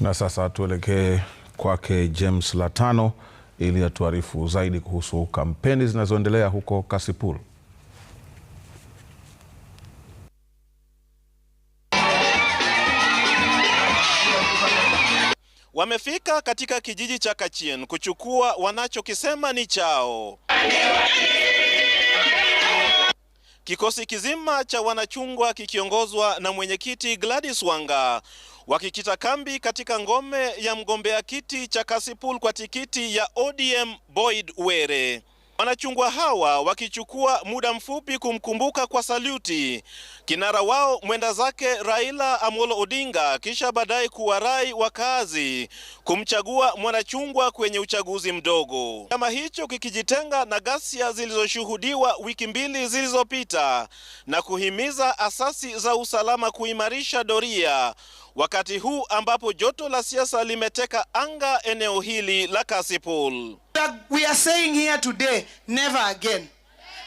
Na sasa tuelekee kwake James Latano ili atuarifu zaidi kuhusu kampeni zinazoendelea huko Kasipul. Wamefika katika kijiji cha Kachien kuchukua wanachokisema ni chao. Kikosi kizima cha wanachungwa kikiongozwa na mwenyekiti Gladys Wanga wakikita kambi katika ngome ya mgombea kiti cha Kasipul kwa tikiti ya ODM Boyd Were. Wanachungwa hawa wakichukua muda mfupi kumkumbuka kwa saluti kinara wao mwenda zake Raila Amolo Odinga, kisha baadaye kuwarai wakazi kumchagua mwanachungwa kwenye uchaguzi mdogo. Chama hicho kikijitenga na ghasia zilizoshuhudiwa wiki mbili zilizopita na kuhimiza asasi za usalama kuimarisha doria wakati huu ambapo joto la siasa limeteka anga eneo hili la Kasipul. We are saying here today, never again.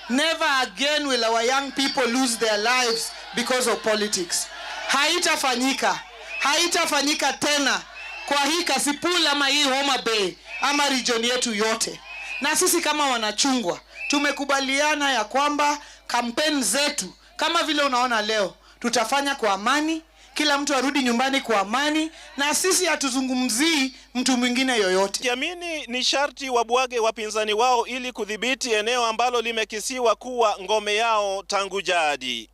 Never again will our young people lose their lives because of politics. Haitafanyika, haitafanyika tena kwa hii Kasipul ama hii Homa Bay ama region yetu yote. Na sisi kama wanachungwa tumekubaliana ya kwamba kampeni zetu kama vile unaona leo tutafanya kwa amani kila mtu arudi nyumbani kwa amani, na sisi hatuzungumzii mtu mwingine yoyote. Kiamini ni sharti wabwage wapinzani wao ili kudhibiti eneo ambalo limekisiwa kuwa ngome yao tangu jadi.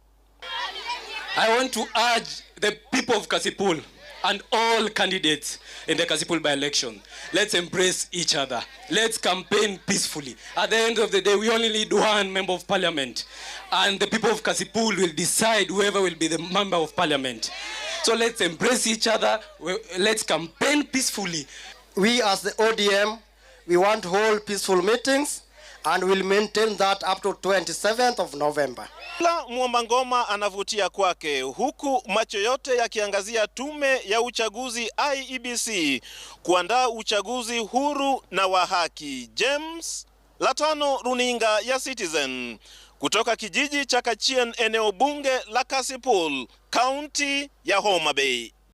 I want to urge the people of Kasipul and all candidates in the Kasipul by-election. Let's embrace each other. Let's campaign peacefully. At the end of the day, we only need one member of parliament. And the people of Kasipul will decide whoever will be the member of parliament. So let's embrace each other. Let's campaign peacefully. We as the ODM, we want to hold peaceful meetings and will maintain that up to 27th of November. Kila mwomba ngoma anavutia kwake, huku macho yote yakiangazia tume ya uchaguzi IEBC kuandaa uchaguzi huru na wa haki. James Latano, runinga ya Citizen, kutoka kijiji cha Kachien, eneo bunge la Kasipul, kaunti ya Homa Bay.